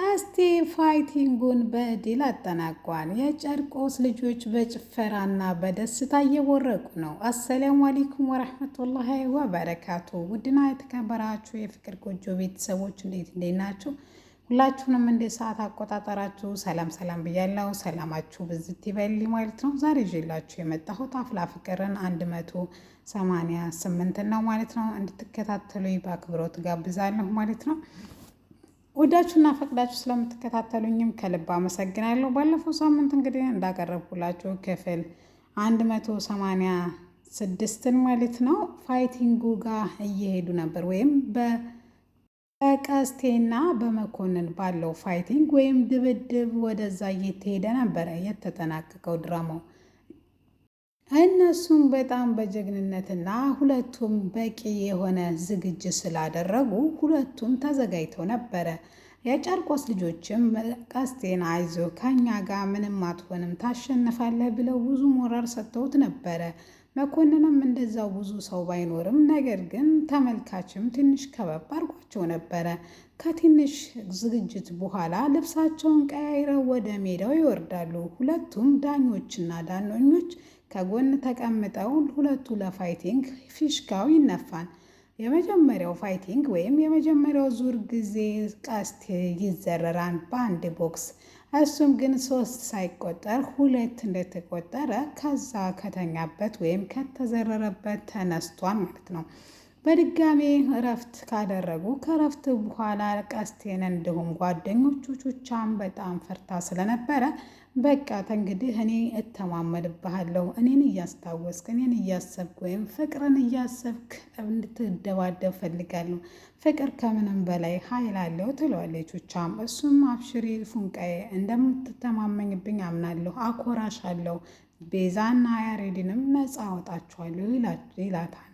ቀስቴ ፋይቲንጉን በድል አጠናቋል። የጨርቆስ ልጆች በጭፈራና በደስታ እየቦረቁ ነው። አሰላሙ አሌይኩም ወረህመቱላሂ ወበረካቱ። ውድና የተከበራችሁ የፍቅር ጎጆ ቤተሰቦች እንዴት እንዴት ናቸው? ሁላችሁንም እንደ ሰዓት አቆጣጠራችሁ ሰላም ሰላም ብያለሁ። ሰላማችሁ ብዝት ይበል ማለት ነው። ዛሬ ይዤላችሁ የመጣሁት አፍላ ፍቅርን አንድ መቶ ሰማንያ ስምንት ነው ማለት ነው። እንድትከታተሉ በአክብሮት ጋብዛለሁ ማለት ነው። ወዳችሁና ፈቅዳችሁ ስለምትከታተሉኝም ከልብ አመሰግናለሁ። ባለፈው ሳምንት እንግዲህ እንዳቀረብኩላችሁ ክፍል 186ን ማለት ነው ፋይቲንጉ ጋር እየሄዱ ነበር ወይም በቀስቴና በመኮንን ባለው ፋይቲንግ ወይም ድብድብ ወደዛ እየተሄደ ነበረ የተጠናቀቀው ድራማው። እነሱም በጣም በጀግንነትና ሁለቱም በቂ የሆነ ዝግጅት ስላደረጉ ሁለቱም ተዘጋጅተው ነበረ። የጨርቆስ ልጆችም ቀስቴን አይዞ ከኛ ጋር ምንም አትሆንም ታሸንፋለህ ብለው ብዙ ሞራል ሰጥተውት ነበረ። መኮንንም እንደዛው ብዙ ሰው ባይኖርም ነገር ግን ተመልካችም ትንሽ ከበብ አድርጓቸው ነበረ። ከትንሽ ዝግጅት በኋላ ልብሳቸውን ቀያይረው ወደ ሜዳው ይወርዳሉ። ሁለቱም ዳኞችና ዳኞኞች ከጎን ተቀምጠው ሁለቱ ለፋይቲንግ ፊሽካው ይነፋል። የመጀመሪያው ፋይቲንግ ወይም የመጀመሪያው ዙር ጊዜ ቀስት ይዘረራል በአንድ ቦክስ እሱም ግን ሶስት ሳይቆጠር ሁለት እንደተቆጠረ ከዛ ከተኛበት ወይም ከተዘረረበት ተነስቷል ማለት ነው። በድጋሜ እረፍት ካደረጉ ከእረፍት በኋላ ቀስቴን እንዲሁም ጓደኞቹ ቹቻን በጣም ፈርታ ስለነበረ በቃ ተንግዲህ እኔ እተማመንብሃለሁ። እኔን እያስታወስክ እኔን እያሰብክ ወይም ፍቅርን እያሰብክ እንድትደባደብ ፈልጋለሁ። ፍቅር ከምንም በላይ ኃይል አለው ትለዋለች ቹቻም። እሱም አብሽሪ ፉንቃዬ፣ እንደምትተማመኝብኝ አምናለሁ፣ አኮራሻለሁ፣ ቤዛና ያሬድንም ነፃ አወጣችኋለሁ ይላታል።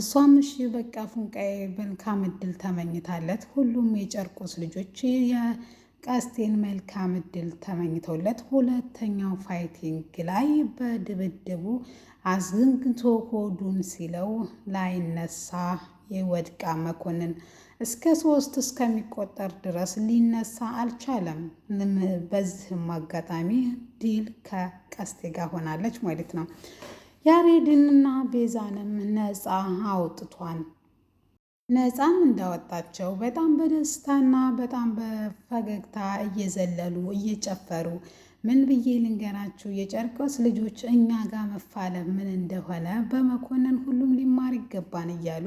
እሷም እሺ በቃ ፉንቃዬ መልካም እድል ተመኝታለት ሁሉም የጨርቆስ ልጆች ቀስቴን መልካም እድል ተመኝተውለት ሁለተኛው ፋይቲንግ ላይ በድብድቡ አዝንግቶ ሆዱን ሲለው ላይነሳ የወድቃ መኮንን እስከ ሶስት እስከሚቆጠር ድረስ ሊነሳ አልቻለም። በዚህም አጋጣሚ ዲል ከቀስቴ ጋር ሆናለች ማለት ነው። ያሬድንና ቤዛንም ነፃ አውጥቷን ነፃም እንዳወጣቸው በጣም በደስታና በጣም በፈገግታ እየዘለሉ እየጨፈሩ ምን ብዬ ልንገራችሁ የጨርቆስ ልጆች እኛ ጋር መፋለም ምን እንደሆነ በመኮንን ሁሉም ሊማር ይገባን እያሉ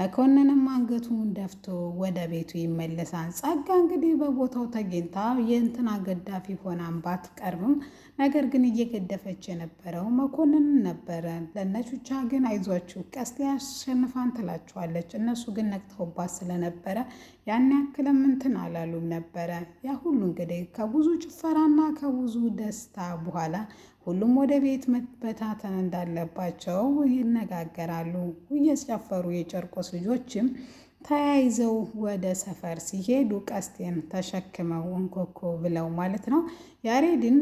መኮንንም አንገቱን ደፍቶ ወደ ቤቱ ይመለሳል። ጸጋ እንግዲህ በቦታው ተገኝታ የእንትና ገዳፊ ሆናም ባትቀርብም ነገር ግን እየገደፈች የነበረው መኮንን ነበረ። ለነቹቻ ግን አይዟችሁ ቀስ ያሸንፋን ትላችኋለች። እነሱ ግን ነቅተውባት ስለነበረ ያን ያክልም እንትን አላሉም ነበረ። ያ ሁሉ እንግዲህ ከብዙ ጭፈራና ከብዙ ደስታ በኋላ ሁሉም ወደ ቤት መበታተን እንዳለባቸው ይነጋገራሉ። እየጨፈሩ የጨርቆስ ልጆችም ተያይዘው ወደ ሰፈር ሲሄዱ ቀስቴን ተሸክመው እንኮኮ ብለው ማለት ነው ያሬድን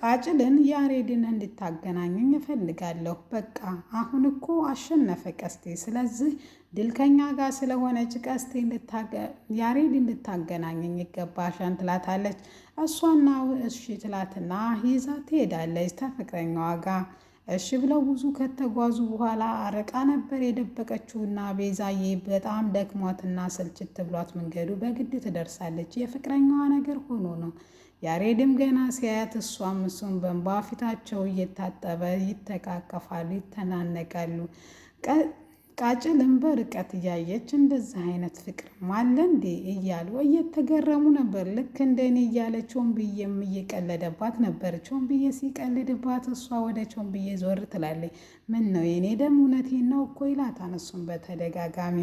ቃጭልን ያሬድን እንድታገናኙኝ እፈልጋለሁ። በቃ አሁን እኮ አሸነፈ ቀስቴ። ስለዚህ ድል ከኛ ጋር ስለሆነች ቀስቴ ያሬድ እንድታገናኘኝ ይገባሻን ትላታለች። እሷና እሺ ትላትና ይዛ ትሄዳለች ተፍቅረኛዋ ጋር እሺ ብለው ብዙ ከተጓዙ በኋላ አረቃ ነበር የደበቀችውና ቤዛዬ በጣም ደክሟትና ስልችት ብሏት መንገዱ በግድ ትደርሳለች። የፍቅረኛዋ ነገር ሆኖ ነው። ያሬድም ገና ሲያያት እሷም እሱም በእንባ ፊታቸው እየታጠበ ይተቃቀፋሉ፣ ይተናነቃሉ። ቃጭልን በርቀት እያየች እንደዚህ አይነት ፍቅር ማለ እንዴ እያሉ እየተገረሙ ነበር። ልክ እንደኔ እያለች ቾምብዬም እየቀለደባት ነበር። ቾምብዬ ሲቀልድባት እሷ ወደ ቾምብዬ ዞር ትላለች። ምን ነው የኔ ደም እውነቴን ነው እኮ ይላታል እሱም በተደጋጋሚ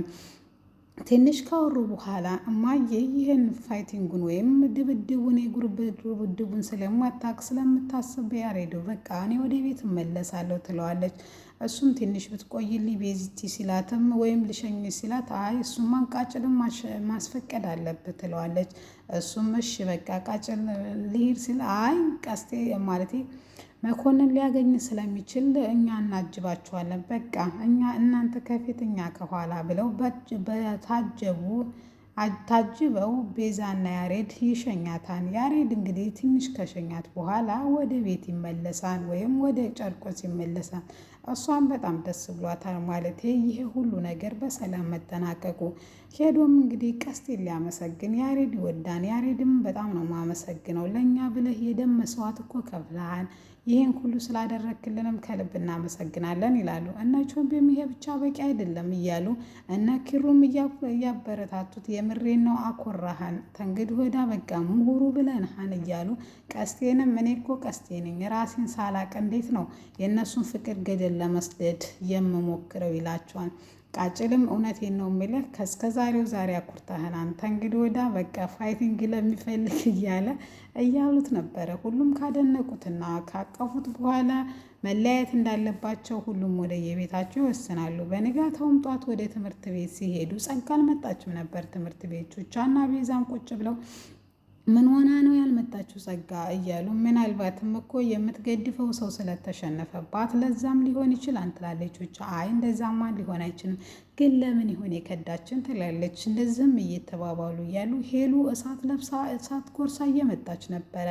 ትንሽ ካወሩ በኋላ እማዬ ይህን ፋይቲንጉን ወይም ድብድቡን የጉርብ ድብድቡን ስለማታቅ ስለምታስብ በያሬዶ በቃ እኔ ወደ ቤት እመለሳለሁ ትለዋለች። እሱም ትንሽ ብትቆይልኝ ቤዚቲ ሲላትም ወይም ልሸኝ ሲላት አይ እሱም አንቃጭልም ማስፈቀድ አለብህ ትለዋለች። እሱም እሺ በቃ ቃጭል ልሂድ ሲል አይ ቀስቴ ማለቴ መኮንን ሊያገኝ ስለሚችል እኛ እናጅባችኋለን፣ በቃ እኛ እናንተ ከፊት እኛ ከኋላ ብለው በታጀቡ ታጅበው ቤዛና ያሬድ ይሸኛታል። ያሬድ እንግዲህ ትንሽ ከሸኛት በኋላ ወደ ቤት ይመለሳል፣ ወይም ወደ ጨርቆስ ይመለሳል። እሷም በጣም ደስ ብሏታል። ማለት ይሄ ሁሉ ነገር በሰላም መጠናቀቁ ሄዶም እንግዲህ ቀስቴን ሊያመሰግን ያሬድ ይወዳን። ያሬድም በጣም ነው ማመሰግነው፣ ለእኛ ብለህ የደም መስዋዕት እኮ ከፍለሃል፣ ይህን ሁሉ ስላደረክልንም ከልብ እናመሰግናለን ይላሉ። እነ ቾቤም ይሄ ብቻ በቂ አይደለም እያሉ እነ ኪሩም እያበረታቱት፣ የምሬን ነው አኮራሃን፣ ተንግድ ወዳ በቃ ምሁሩ ብለንሃን እያሉ ቀስቴንም እኔ እኮ ቀስቴ ነኝ ራሴን ሳላቅ እንዴት ነው የእነሱን ፍቅር ገደል ለመስደድ የምሞክረው ይላቸዋል። ቃጭልም እውነቴን ነው የምልህ። ከእስከ ዛሬው ዛሬ አኩርተህን አንተ እንግዲህ ወዳ በቃ ፋይቲንግ ለሚፈልግ እያለ እያሉት ነበረ። ሁሉም ካደነቁትና ካቀፉት በኋላ መለያየት እንዳለባቸው ሁሉም ወደ የቤታቸው ይወስናሉ። በንጋታውም ጧት ወደ ትምህርት ቤት ሲሄዱ ጸጋ አልመጣችም ነበር። ትምህርት ቤት ቹቻና ቤዛም ቁጭ ብለው ምን ሆና ነው ያልመጣችው ጸጋ እያሉ ምናልባትም እኮ የምትገድፈው ሰው ስለተሸነፈባት ለዛም ሊሆን ይችላል ትላለች። ብቻ አይ እንደዛማ ሊሆን አይችልም ግን ለምን ይሆን የከዳችን ትላለች። እንደዚህም እየተባባሉ እያሉ ሄሉ እሳት ለብሳ እሳት ጎርሳ እየመጣች ነበረ።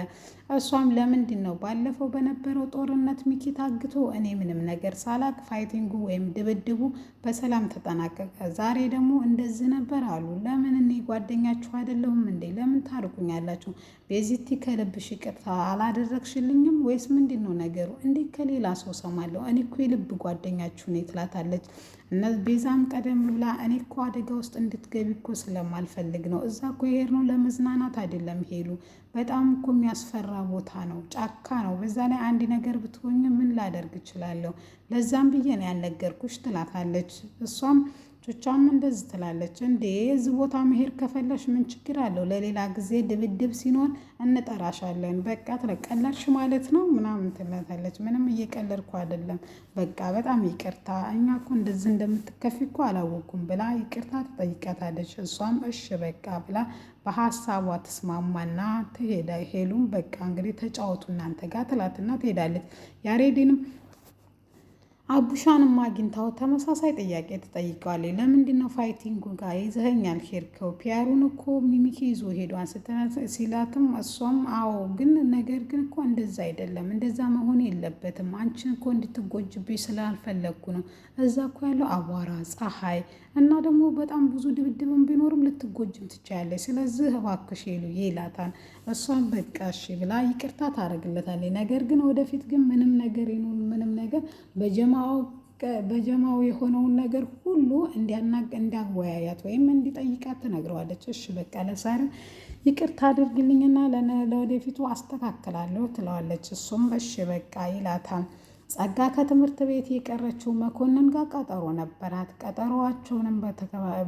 እሷም ለምንድን ነው ባለፈው በነበረው ጦርነት ሚኪ ታግቶ እኔ ምንም ነገር ሳላቅ ፋይቲንጉ ወይም ድብድቡ በሰላም ተጠናቀቀ፣ ዛሬ ደግሞ እንደዚህ ነበር አሉ። ለምን እኔ ጓደኛችሁ አይደለሁም እንዴ? ለምን ታርቁኛላችሁ? ቤዚቲ ከልብሽ ይቅርታ አላደረግሽልኝም ወይስ ምንድን ነው ነገሩ? እንዴት ከሌላ ሰው ሰማለሁ? እኔ እኮ የልብ ጓደኛችሁ ነኝ ትላታለች። እነ ቤዛም ቀደም ብላ እኔ እኮ አደጋ ውስጥ እንድትገቢ እኮ ስለማልፈልግ ነው። እዛ እኮ የሄድነው ለመዝናናት አይደለም። ሄሉ በጣም እኮ የሚያስፈራ ቦታ ነው፣ ጫካ ነው። በዛ ላይ አንድ ነገር ብትሆኝ ምን ላደርግ እችላለሁ? ለዛም ብዬ ነው ያልነገርኩሽ ትላታለች እሷም ቹቻም እንደዚህ ትላለች እንዴ እዚህ ቦታ መሄድ ከፈለሽ ምን ችግር አለው? ለሌላ ጊዜ ድብድብ ሲኖር እንጠራሻለን። በቃ ትለቀለድሽ ማለት ነው ምናምን ትላታለች። ምንም እየቀለድኩ አይደለም፣ በቃ በጣም ይቅርታ፣ እኛ እኮ እንደዚህ እንደምትከፊ እኮ አላወቁም ብላ ይቅርታ ትጠይቀታለች። እሷም እሽ በቃ ብላ በሀሳቧ ትስማማና ትሄዳ ሄሉም በቃ እንግዲህ ተጫወቱ እናንተ ጋር ትላትና ትሄዳለች። ያሬዲንም አቡሻንም አግኝታው ተመሳሳይ ጥያቄ ተጠይቀዋለች። ለምንድን ነው ፋይቲንጉ ጋር ይዘኸኛል ሄድከው? ፒያሩን እኮ ሚሚኪ ይዞ ሄዷን ሲላትም እሷም አዎ፣ ግን ነገር ግን እኮ እንደዛ አይደለም፣ እንደዛ መሆን የለበትም። አንቺን እኮ እንድትጎጅብኝ ስላልፈለግኩ ነው። እዛ እኮ ያለው አቧራ፣ ፀሐይ እና ደግሞ በጣም ብዙ ድብድብም ቢኖርም ልትጎጅም ትቻያለች። ስለዚህ እባክሽ ሄሉ ይላታል። እሷን በቃሽ ብላ ይቅርታ ታደርግለታለች። ነገር ግን ወደፊት ግን ምንም ነገር ይኑን ምንም ነገር በጀማው በጀማው የሆነውን ነገር ሁሉ እንዲያናቅ እንዲያወያያት ወይም እንዲጠይቃት ትነግረዋለች። እሺ በቃ ለሳር ይቅርታ አድርግልኝና ለወደፊቱ አስተካክላለሁ ትለዋለች። እሱም እሺ በቃ ይላታል። ጸጋ ከትምህርት ቤት የቀረችው መኮንን ጋር ቀጠሮ ነበራት። ቀጠሯቸውንም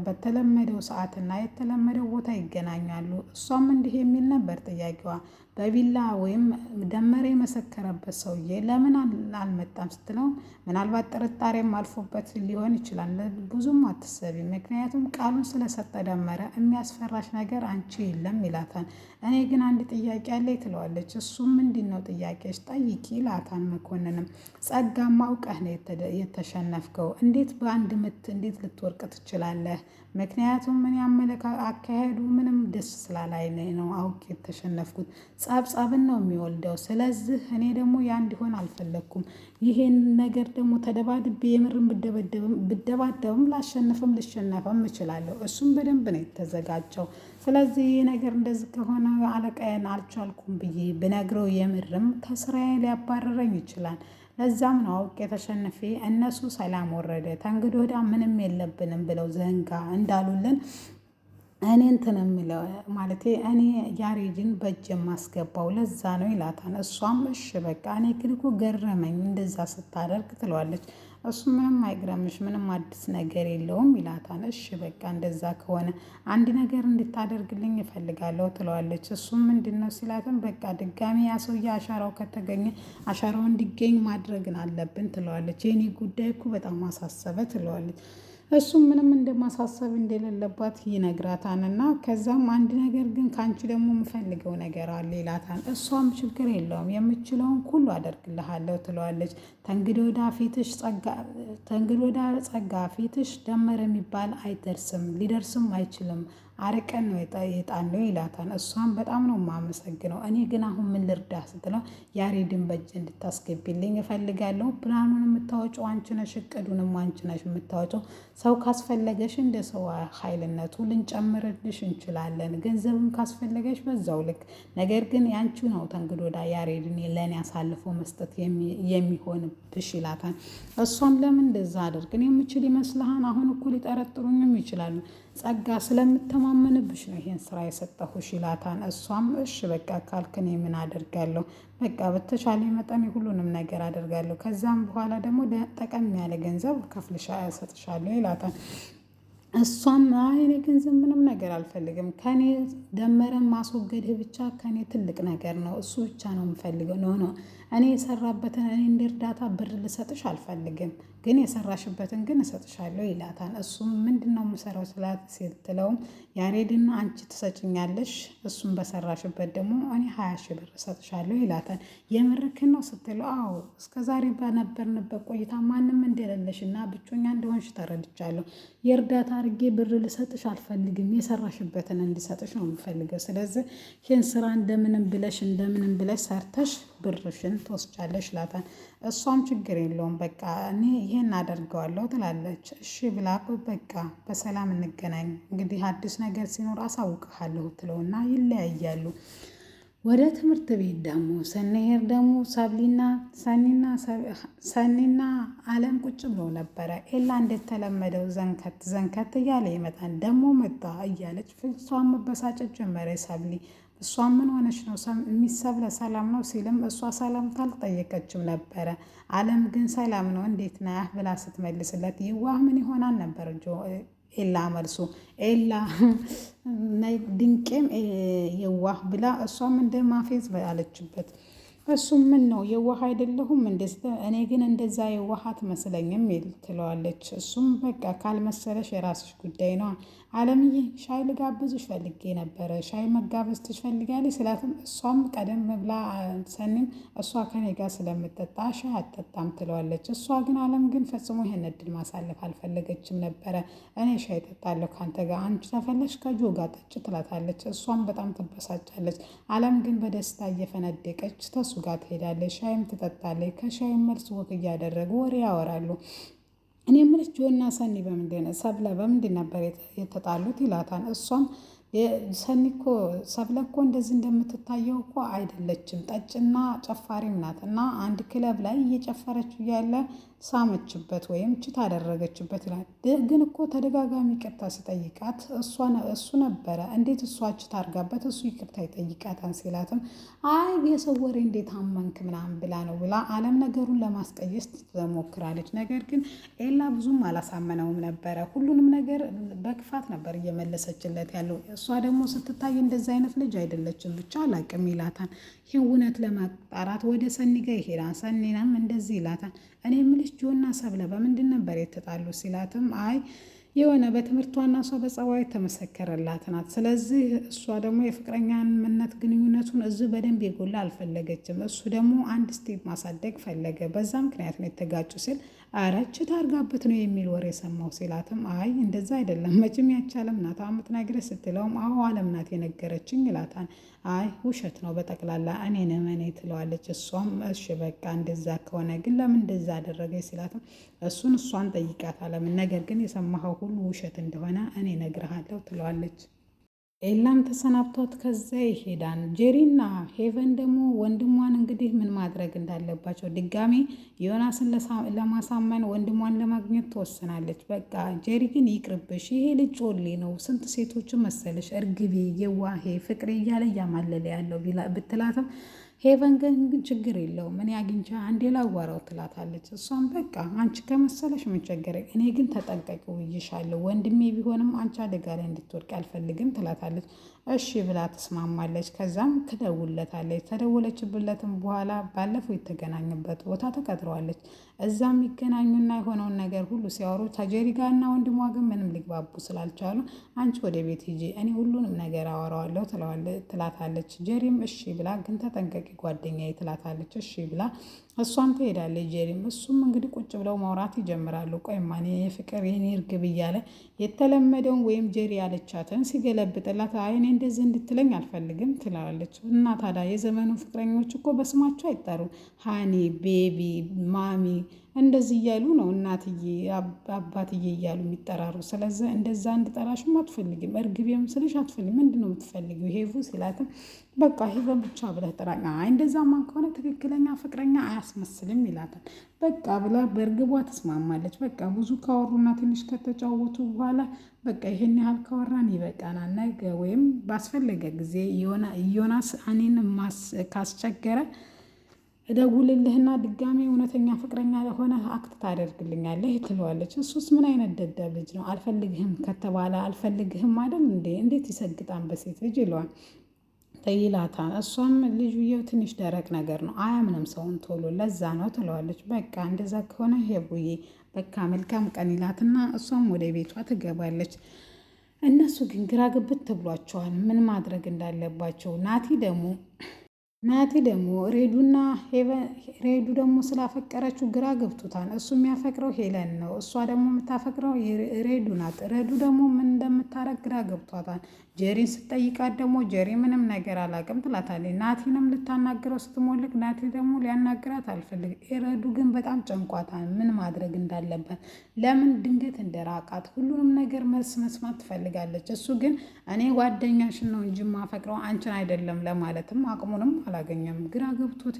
በተለመደው ሰዓትና የተለመደው ቦታ ይገናኛሉ። እሷም እንዲህ የሚል ነበር ጥያቄዋ፣ በቢላ ወይም ደመረ የመሰከረበት ሰውዬ ለምን አልመጣም ስትለው ምናልባት ጥርጣሬም አልፎበት ሊሆን ይችላል። ብዙም አትሰቢ፣ ምክንያቱም ቃሉን ስለሰጠ ደመረ የሚያስፈራሽ ነገር አንቺ የለም ይላታል። እኔ ግን አንድ ጥያቄ አለኝ ትለዋለች። እሱም ምንድን ነው ጠይቂ ይላታል። መኮንንም ጸጋማ አውቀህ ነው የተሸነፍከው። እንዴት በአንድ ምት እንዴት ልትወርቅ ትችላለህ? ምክንያቱም ምን ያመለካ አካሄዱ ምንም ደስ ስላላይ ነው አውቅ የተሸነፍኩት ጸብጻብን ነው የሚወልደው። ስለዚህ እኔ ደግሞ ያ እንዲሆን አልፈለግኩም። ይሄን ነገር ደግሞ ተደባድቤ የምርም ብደባደብም ላሸንፍም ልሸነፍም እችላለሁ። እሱም በደንብ ነው የተዘጋጀው። ስለዚህ ይህ ነገር እንደዚህ ከሆነ አለቃዬን አልቻልኩም ብዬ ብነግረው የምርም ከስራዬ ሊያባረረኝ ይችላል። ለዛም ነው አውቄ ተሸንፌ እነሱ ሰላም ወረደ ተንግዶ ምንም የለብንም ብለው ዘንጋ እንዳሉልን እኔ እንትን የምለው ማለቴ እኔ ያሬድን በእጅ የማስገባው ለዛ ነው ይላታል። እሷም እሽ በቃ እኔ ግን እኮ ገረመኝ እንደዛ ስታደርግ ትለዋለች። እሱ ምንም አይግረምሽ፣ ምንም አዲስ ነገር የለውም ይላታል። እሽ በቃ እንደዛ ከሆነ አንድ ነገር እንድታደርግልኝ እፈልጋለሁ ትለዋለች። እሱም ምንድን ነው ሲላትም በቃ ድጋሚ ያ ሰውዬ አሻራው ከተገኘ አሻራው እንዲገኝ ማድረግን አለብን ትለዋለች። የኔ ጉዳይ እኮ በጣም አሳሰበ ትለዋለች። እሱም ምንም እንደማሳሰብ እንደሌለባት ይነግራታን እና ከዛም አንድ ነገር ግን ከአንቺ ደግሞ የምፈልገው ነገር አለ ይላታል። እሷም ችግር የለውም የምችለውን ሁሉ አደርግልሃለሁ ትለዋለች። ተንግድ ወዳ ፊትሽ ተንግዶ ጸጋ ፊትሽ ደመረ የሚባል አይደርስም ሊደርስም አይችልም። አርቀን ነው የጣለው ይላታል። እሷም በጣም ነው የማመሰግነው እኔ ግን አሁን ምን ልርዳ ስትለው ያሬድን በእጅ እንድታስገቢልኝ እፈልጋለሁ። ፕላኑን የምታወጪው አንቺ ነሽ፣ እቅዱንም አንቺ ነሽ የምታወጪው። ሰው ካስፈለገሽ እንደ ሰው ኃይልነቱ ልንጨምርልሽ እንችላለን፣ ገንዘብም ካስፈለገሽ በዛው ልክ። ነገር ግን ያንቺ ነው ተንግዶ ያሬድን ለእኔ አሳልፎ መስጠት የሚሆንብ እሺ ይላታል። እሷም ለምን እንደዛ አደርግ እኔ የምችል ይመስልሃን? አሁን እኮ ሊጠረጥሩኝም ይችላሉ። ጸጋ ስለምተማመንብሽ ነው ይሄን ስራ የሰጠሁሽ ይላታል። እሷም እሽ በቃ ካልክ እኔ ምን አደርጋለሁ፣ በቃ በተቻለ መጠን ሁሉንም ነገር አደርጋለሁ። ከዛም በኋላ ደግሞ ጠቀም ያለ ገንዘብ ከፍልሻ ያሰጥሻለሁ ይላታል። እሷም አይ እኔ ገንዘብ ምንም ነገር አልፈልግም። ከኔ ደመረን ማስወገድህ ብቻ ከኔ ትልቅ ነገር ነው። እሱ ብቻ ነው የምፈልገው ነው ነው እኔ የሰራበትን እኔ እንደ እርዳታ ብር ልሰጥሽ አልፈልግም፣ ግን የሰራሽበትን ግን እሰጥሻለሁ ይላታል። እሱም ምንድን ነው የምሰራው ስላት ስትለውም ያሬድና አንቺ ትሰጭኛለሽ፣ እሱም በሰራሽበት ደግሞ እኔ ሀያ ሺህ ብር እሰጥሻለሁ ይላታል። የምርክን ነው ስትለው አዎ እስከ ዛሬ በነበርንበት ቆይታ ማንም እንደሌለሽ እና ብቸኛ እንደሆንሽ ተረድቻለሁ። የእርዳታ አድርጌ ብር ልሰጥሽ አልፈልግም፣ የሰራሽበትን እንዲሰጥሽ ነው የምፈልገው። ስለዚህ ይህን ስራ እንደምንም ብለሽ እንደምንም ብለሽ ሰርተሽ ብርሽን ትወስጃለሽ ላታል። እሷም ችግር የለውም በቃ እኔ ይህን አደርገዋለሁ ትላለች። እሺ ብላ በቃ በሰላም እንገናኝ እንግዲህ አዲስ ነገር ሲኖር አሳውቅሃለሁ ትለውና ይለያያሉ። ወደ ትምህርት ቤት ደግሞ ስንሄድ ደግሞ ሳብሊና ሰኒና አለም ቁጭ ብሎ ነበረ። ኤላ እንደተለመደው ዘንከት ዘንከት እያለ ይመጣል። ደግሞ መጣ እያለች ፍሷን መበሳጨት ጀመረ ሳብሊ እሷ ምን ሆነች ነው የሚሰብ ለሰላም ነው ሲልም እሷ ሰላምታ አልጠየቀችም ነበረ። አለም ግን ሰላም ነው እንዴት ነህ ብላ ስትመልስለት ይዋህ ምን ይሆናል ነበር ኤላ መልሱ። ኤላ ድንቄም የዋህ ብላ እሷም እንደ ማፌዝ አለችበት። እሱም ምን ነው የዋህ አይደለሁም እንደ እኔ ግን እንደዛ የዋህ አትመስለኝም ትለዋለች። እሱም በቃ ካልመሰለሽ የራስሽ ጉዳይ ነው አለምዬ ሻይ ልጋብዝሽ ፈልጌ ነበረ ሻይ መጋበዝ ትፈልጋለች ስላትም እሷም ቀደም ብላ ሰኒም እሷ ከኔ ጋር ስለምጠጣ ሻይ አጠጣም ትለዋለች። እሷ ግን አለም ግን ፈጽሞ ይህን እድል ማሳለፍ አልፈለገችም ነበረ። እኔ ሻይ ጠጣለሁ ከአንተ ጋር አንቺ ተፈለሽ ከጆ ጋር ጠጭ ትላታለች። እሷም በጣም ትበሳጫለች። አለም ግን በደስታ እየፈነደቀች ተሱ ጋር ትሄዳለች። ሻይም ትጠጣለች። ከሻይም መልስ ወግ እያደረጉ ወሬ ያወራሉ። እኔ የምልሽ ጆና ሰኒ በምንድን ሰብለ በምንድን ነበር የተጣሉት ይላታል። እሷም ሰኒ እኮ ሰብለ እኮ እንደዚህ እንደምትታየው እኮ አይደለችም፣ ጠጭና ጨፋሪም ናት እና አንድ ክለብ ላይ እየጨፈረች እያለ ሳመችበት ወይም ችት አደረገችበት ይላል። ግን እኮ ተደጋጋሚ ይቅርታ ሲጠይቃት እሱ ነበረ እንዴት እሷ ችት አድርጋበት እሱ ይቅርታ ይጠይቃታል ሲላትም አይ የሰው ወሬ እንዴት አመንክ ምናምን ብላ ነው ብላ አለም ነገሩን ለማስቀየስ ትሞክራለች። ነገር ግን ኤላ ብዙም አላሳመነውም ነበረ። ሁሉንም ነገር በክፋት ነበር እየመለሰችለት ያለው። እሷ ደግሞ ስትታይ እንደዚ አይነት ልጅ አይደለችም ብቻ አላቅም ይላታል። ይህ እውነት ለማጣራት ወደ ሰኒ ጋ ይሄዳል። ሰኒናም እንደዚህ ይላታል። እኔ የምልሽ ጆና ሰብለ በምንድን ነበር የተጣሉ ሲላትም አይ የሆነ በትምህርቷና እሷ በጸባይ ተመሰከረላት ናት። ስለዚህ እሷ ደግሞ የፍቅረኛነት ግንኙነቱን እዙ በደንብ የጎላ አልፈለገችም። እሱ ደግሞ አንድ ስቴፕ ማሳደግ ፈለገ። በዛ ምክንያት ነው የተጋጩ ሲል አራች አርጋበት ነው የሚል ወሬ የሰማው ሲላትም፣ አይ እንደዛ አይደለም መቼም ናት አመት የምትነግረች ስትለውም፣ አለም ናት የነገረችኝ ይላታል። አይ ውሸት ነው በጠቅላላ እኔ ነመኔ ትለዋለች። እሷም እሺ በቃ እንደዛ ከሆነ ግን ለምን እንደዛ አደረገ ሲላትም፣ እሱን እሷን ጠይቃት አለምን ነገር ግን የሰማኸው ሁሉ ውሸት እንደሆነ እኔ ነግረሃለሁ ትለዋለች። ኤላም ተሰናብቷት ከዛ ይሄዳል። ጄሪና ሄቨን ደግሞ ወንድሟን እንግዲህ ምን ማድረግ እንዳለባቸው ድጋሜ ዮናስን ለማሳመን ወንድሟን ለማግኘት ትወስናለች። በቃ ጄሪ ግን ይቅርብሽ፣ ይሄ ልጅ ጮሌ ነው፣ ስንት ሴቶች መሰለሽ፣ እርግቤ፣ የዋሄ፣ ፍቅሬ እያለ እያማለለ ያለው ብትላትም ሄቨን ግን ችግር የለውም እኔ አግኝቼ አንዴ ላዋራው ትላታለች። እሷም በቃ አንቺ ከመሰለሽ ምን እኔ ግን ተጠንቀቂ ብዬሻለሁ፣ ወንድሜ ቢሆንም አንቺ አደጋ ላይ እንድትወድቅ አልፈልግም ትላታለች። እሺ ብላ ትስማማለች። ከዛም ትደውለታለች። ተደውለችብለትም በኋላ ባለፈው የተገናኙበት ቦታ ተቀጥረዋለች። እዛም የሚገናኙና የሆነውን ነገር ሁሉ ሲያወሩ ታጀሪ ጋር እና ወንድሟ ግን ምንም ሊግባቡ ስላልቻሉ አንቺ ወደ ቤት ሂጂ፣ እኔ ሁሉንም ነገር አወራዋለሁ ትላታለች። ጀሪም እሺ ብላ ግን ተጠንቀቂ ጓደኛዬ ትላታለች። እሺ ብላ እሷም ትሄዳለች። ጄሪም እሱም እንግዲህ ቁጭ ብለው ማውራት ይጀምራሉ። ቆይማ እኔ ፍቅር የኔ እርግብ እያለ የተለመደውን ወይም ጄሪ ያለቻትን ሲገለብጥላት አይኔ እንደዚህ እንድትለኝ አልፈልግም ትላለች። እና ታዲያ የዘመኑ ፍቅረኞች እኮ በስማቸው አይጠሩም። ሃኒ ቤቢ ማሚ እንደዚህ እያሉ ነው እናትዬ አባትዬ እያሉ የሚጠራሩ። ስለዚ እንደዛ እንድጠራሽም አትፈልግም፣ እርግቤም ስልሽ አትፈልግም። ምንድን ነው የምትፈልጊው ሄቡ ሲላትም በቃ ሄበን ብቻ ብለህ ጥራ። አይ እንደዛማ ከሆነ ትክክለኛ ፍቅረኛ አያስመስልም ይላታል። በቃ ብላ በእርግቧ ትስማማለች። በቃ ብዙ ካወሩና ትንሽ ከተጫወቱ በኋላ በቃ ይሄን ያህል ካወራን ይበቃናል፣ ነገ ወይም ባስፈለገ ጊዜ ዮናስ እኔን ካስቸገረ እደውልልህና ድጋሚ እውነተኛ ፍቅረኛ ለሆነ አክት ታደርግልኛለህ ትለዋለች። እሱስ ምን አይነት ደደብ ልጅ ነው? አልፈልግህም ከተባለ አልፈልግህም አይደል እንዴ? እንዴት ይሰግጣን በሴት ልጅ ይለዋል ይላታል። እሷም የው ትንሽ ደረቅ ነገር ነው አያምንም ሰውን ቶሎ ለዛ ነው ትለዋለች። በቃ እንደዛ ከሆነ ሄቡዬ በቃ መልካም ቀን ይላትና እሷም ወደ ቤቷ ትገባለች። እነሱ ግን ግራ ግብት ምን ማድረግ እንዳለባቸው ናቲ ደግሞ ናቲ ደግሞ ሬዱና ሬዱ ደግሞ ስላፈቀረችው ግራ ገብቶታል። እሱ የሚያፈቅረው ሄለን ነው፣ እሷ ደግሞ የምታፈቅረው ሬዱ ናት። ሬዱ ደግሞ ምን እንደምታረግ ግራ ገብቷታል። ጀሪን ስጠይቃት ደግሞ ጀሪ ምንም ነገር አላውቅም ትላታለች። ናቲንም ልታናግረው ስትሞልቅ ናቲ ደግሞ ሊያናግራት አልፈልግ። ኤረዱ ግን በጣም ጨንቋታል፣ ምን ማድረግ እንዳለበት ለምን ድንገት እንደራቃት ሁሉንም ነገር መልስ መስማት ትፈልጋለች። እሱ ግን እኔ ጓደኛሽን ነው እንጂ ማፈቅረው አንቺን አይደለም ለማለትም አቅሙንም አላገኘም። ግራ ገብቶት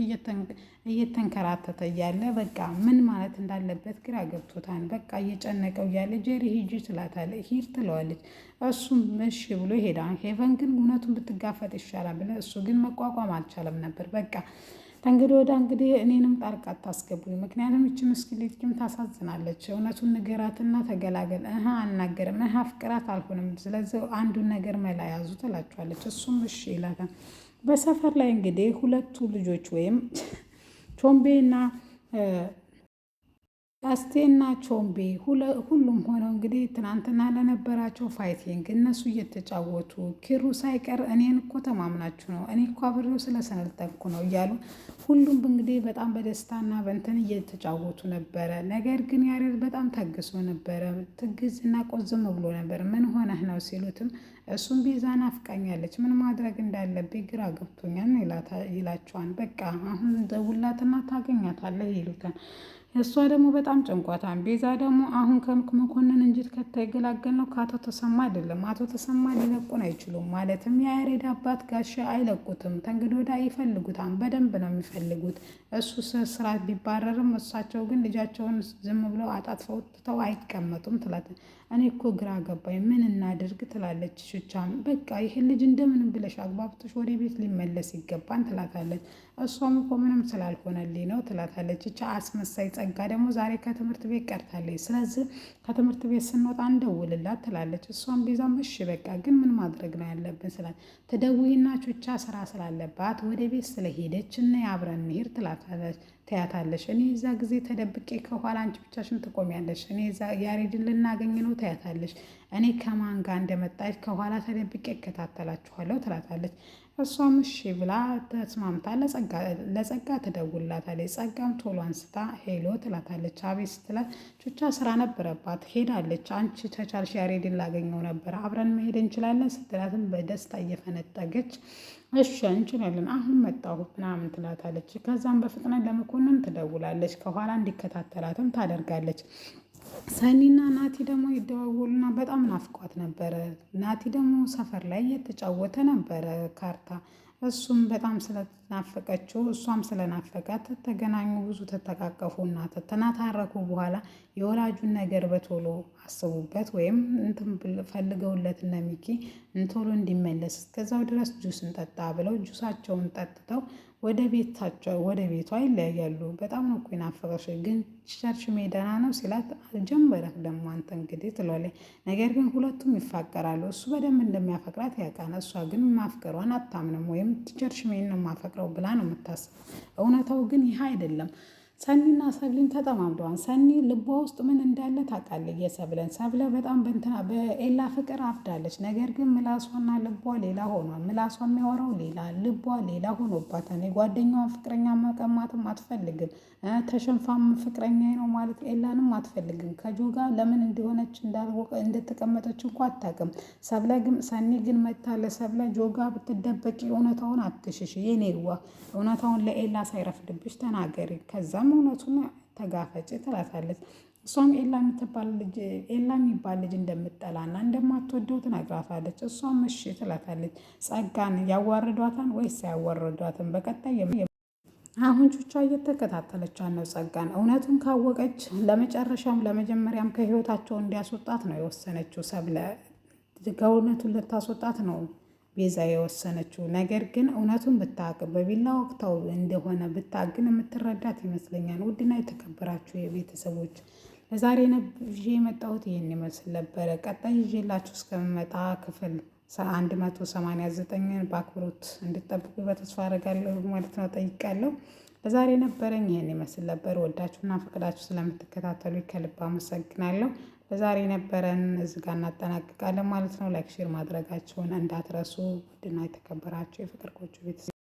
እየተንከራተተ እያለ በቃ ምን ማለት እንዳለበት ግራ ገብቶታል። በቃ እየጨነቀው እያለ ጀሪ ሂጂ ትላታለች። ሂድ ትለዋለች። እሱም እሺ ብሎ ሄዳ ሄቨን ግን እውነቱን ብትጋፈጥ ይሻላል ብለ እሱ ግን መቋቋም አልቻለም ነበር። በቃ ተንግዲህ ወዲያ እንግዲህ እኔንም ጣልቃ አታስገቡኝ፣ ምክንያቱም እች ምስኪን ታሳዝናለች። እውነቱን ንገራትና ተገላገል። እህ አናገርም፣ እህ አፍቅራት አልሆንም። ስለዚህ አንዱን ነገር መላ ያዙ ትላቸዋለች። እሱም እሺ ይላታል። በሰፈር ላይ እንግዲህ ሁለቱ ልጆች ወይም ቾምቤና ዳስቴና ቾምቤ ሁሉም ሆነው እንግዲህ ትናንትና ለነበራቸው ፋይቲንግ እነሱ እየተጫወቱ ኪሩ ሳይቀር እኔን እኮ ተማምናችሁ ነው እኔ እኮ አብሬው ስለሰለጠንኩ ነው እያሉ ሁሉም እንግዲህ በጣም በደስታና በእንትን እየተጫወቱ ነበረ። ነገር ግን ያሬድ በጣም ታግሶ ነበረ። ትግዝና ቆዝም ብሎ ነበር። ምን ሆነህ ነው ሲሉትም እሱም ቤዛን አፍቃኛለች ምን ማድረግ እንዳለብኝ ግራ ገብቶኛል ይላቸዋል። በቃ አሁን ደውላትና ታገኛታለህ ይሉታል። እሷ ደግሞ በጣም ጨንቋታል። ቤዛ ደግሞ አሁን ከመኮንን እንጂ ከተገላገል ነው ከአቶ ተሰማ አይደለም። አቶ ተሰማ ሊለቁን አይችሉም። ማለትም የአያሬድ አባት ጋሻ አይለቁትም። ተንግዶዳ ወዳ ይፈልጉታል። በደንብ ነው የሚፈልጉት። እሱ ስራት ቢባረርም እሳቸው ግን ልጃቸውን ዝም ብለው አጣጥፈው ትተው አይቀመጡም ትላት እኔ እኮ ግራ ገባኝ፣ ምን እናድርግ ትላለች ቹቻም። በቃ ይህን ልጅ እንደምን ብለሽ አግባብቶሽ ወደ ቤት ሊመለስ ይገባን ትላታለች። እሷም እኮ ምንም ስላልሆነልኝ ነው ትላታለች። ይቻ አስመሳይ ጸጋ ደግሞ ዛሬ ከትምህርት ቤት ቀርታለች። ስለዚህ ከትምህርት ቤት ስንወጣ እንደውልላት ትላለች። እሷም ቤዛም እሺ በቃ ግን ምን ማድረግ ነው ያለብን ስላል ትደውይና ቹቻ ስራ ስላለባት ወደ ቤት ስለሄደች እና አብረን እንሂድ ትላታለች። ታያታለሽ። እኔ እዛ ጊዜ ተደብቄ ከኋላ አንቺ ብቻሽን ትቆሚያለሽ። እኔ እዛ ያሬድን ልናገኝ ነው ታያታለሽ። እኔ ከማን ጋር እንደመጣች ከኋላ ተደብቄ እከታተላችኋለሁ ትላታለች። እሷም እሺ ብላ ተስማምታ ለጸጋ ትደውልላታለች። ጸጋም ቶሎ አንስታ ሄሎ ትላታለች። አቤት ስትላት ቹቻ ስራ ነበረባት ሄዳለች። አንቺ ተቻልሽ ያሬድን ላገኘው ነበር አብረን መሄድ እንችላለን ስትላትም በደስታ እየፈነጠገች እሺ እንችላለን አሁን መጣሁ ምናምን ትላታለች። ከዛም በፍጥነት ለመኮንን ትደውላለች። ከኋላ እንዲከታተላትም ታደርጋለች። ሰኒና ናቲ ደግሞ ይደዋወሉና በጣም ናፍቋት ነበረ። ናቲ ደግሞ ሰፈር ላይ እየተጫወተ ነበረ ካርታ እሱም በጣም ስለናፈቀችው እሷም ስለናፈቃት ተገናኙ። ብዙ እና ተተናታረኩ። በኋላ የወላጁን ነገር በቶሎ አስቡበት ወይም እንትን ፈልገውለት እነ ሚኪ እንቶሎ እንዲመለስ እስከዛው ድረስ ጁስ እንጠጣ ብለው ጁሳቸውን ጠጥተው ወደ ቤታቸው ወደ ቤቷ ይለያያሉ። በጣም ነው እኮ ናፈቀሽ፣ ግን ቸርች ሜዳና ነው ሲላት አልጀመረህ ደግሞ አንተ እንግዲህ ትለዋለች። ነገር ግን ሁለቱም ይፋቀራሉ። እሱ በደንብ እንደሚያፈቅራት ያውቃል። እሷ ግን ማፍቀሯን አታምንም። ወይም ቸርች ሜን ነው ማፈቅረው ብላ ነው የምታስበው። እውነታው ግን ይህ አይደለም። ሰኒና ሰብሊን ተጠማምደዋል። ሰኒ ልቧ ውስጥ ምን እንዳለ ታውቃለች። የሰብለን ሰብለ በጣም በንትና በኤላ ፍቅር አብዳለች። ነገር ግን ምላሷና ልቧ ሌላ ሆኗል። ምላሷ የሚያወራው ሌላ፣ ልቧ ሌላ ሆኖባታል። የጓደኛዋን ፍቅረኛ መቀማትም አትፈልግም። ተሸንፋም ፍቅረኛ ነው ማለት ኤላንም አትፈልግም። ከጆጋ ለምን እንደሆነች እንዳልወቀ እንደተቀመጠች እንኳ አታውቅም። ሰብለ ግን ሰኒ ግን መታ ለሰብለ ጆጋ ብትደበቂ እውነታውን አትሽሽ፣ የኔዋ እውነታውን ለኤላ ሳይረፍድብሽ ተናገሪ ከዛም ደግሞ እውነቱን ተጋፈጭ ትላታለች። እሷም ኤላ የምትባል ልጅ ኤላ የሚባል ልጅ እንደምጠላና እንደማትወደው ትነግራታለች። እሷም እሺ ትላታለች። ጸጋን ያዋርዷታን ወይስ አያዋርዷትም? በቀጣይ አሁን ቹቻ እየተከታተለቻት ነው። ጸጋን እውነቱን ካወቀች ለመጨረሻም ለመጀመሪያም ከህይወታቸው እንዲያስወጣት ነው የወሰነችው። ሰብለ ከእውነቱን ልታስወጣት ነው ቤዛ የወሰነችው። ነገር ግን እውነቱን ብታቅ በቢላ ወቅታው እንደሆነ ብታግን የምትረዳት ይመስለኛል። ውድና የተከበራችሁ የቤተሰቦች ለዛሬ ይዤ የመጣሁት ይህን ይመስል ነበረ። ቀጣይ ይዤላችሁ እስከምመጣ ክፍል 189ን በአክብሮት እንድጠብቁ በተስፋ አደርጋለሁ ማለት ነው ጠይቃለሁ። ለዛሬ ነበረኝ ይህን ይመስል ነበር። ወዳችሁና ፈቅዳችሁ ስለምትከታተሉ ከልብ አመሰግናለሁ። ለዛሬ የነበረን እዚህ ጋር እናጠናቅቃለን ማለት ነው። ላይክ ሼር ማድረጋችሁን እንዳትረሱ። ውድና የተከበራችሁ የፍቅር ጎጆ ቤተሰብ